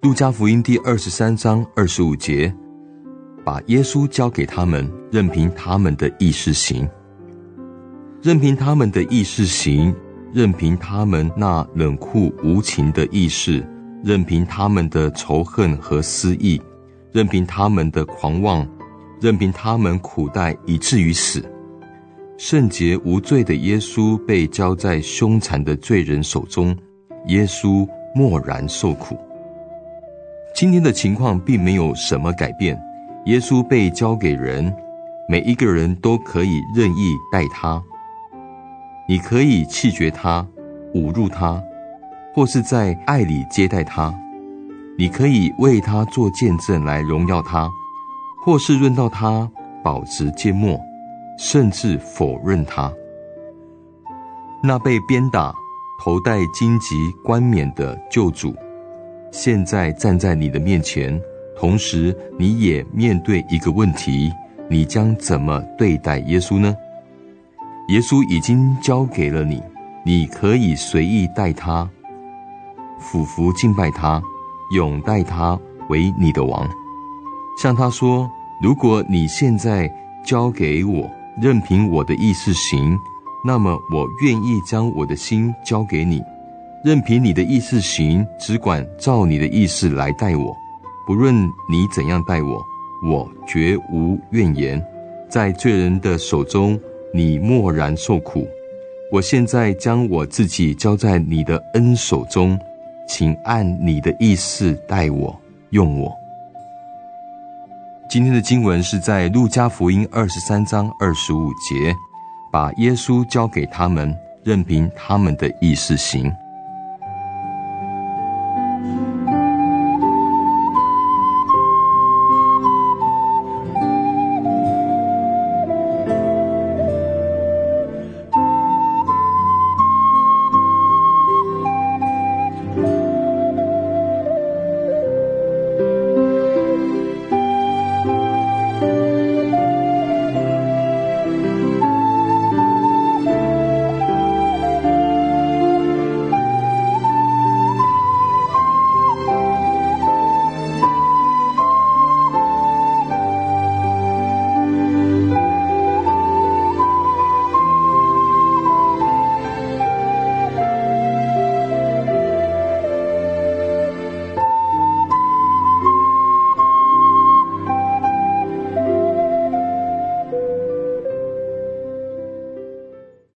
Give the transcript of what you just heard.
路加福音第二十三章二十五節，把耶穌交給他們，任憑他們的意思行，任憑他們的意思行，任憑他們那冷酷無情的意思，任憑他們的仇恨和私意，任憑他們的狂妄，任憑他們苦待以至於死。聖潔無罪的耶穌被交在兇殘的罪人手中，耶穌默然受苦。今天的情況並沒有什麼改變。耶穌被交給人，每一個人都可以任意待他。你可以棄絕他、侮辱他，或是在愛裡接待他；你可以為他做見證來榮耀他，或是論到他保持緘默，甚至否認他。那被鞭打、頭戴荊棘冠冕的救主。現在站在你的面前，同時你也面對一個問題：你將怎麼對待耶穌呢？耶穌已經交給了你，你可以隨意待他，俯伏敬拜他，擁戴他為你的王，向他說：如果你現在交給我，任憑我的意思行，那麼我願意將我的心交給你。任憑你的意思行，只管照你的意思來待我。不論你怎樣待我，我絕無怨言。在罪人的手中，你默然受苦。我現在將我自己交在你的恩手中，請按你的意思待我，用我。今天的經文是在《路加福音》二十三章二十五節，把耶穌交給他們，任憑他們的意思行。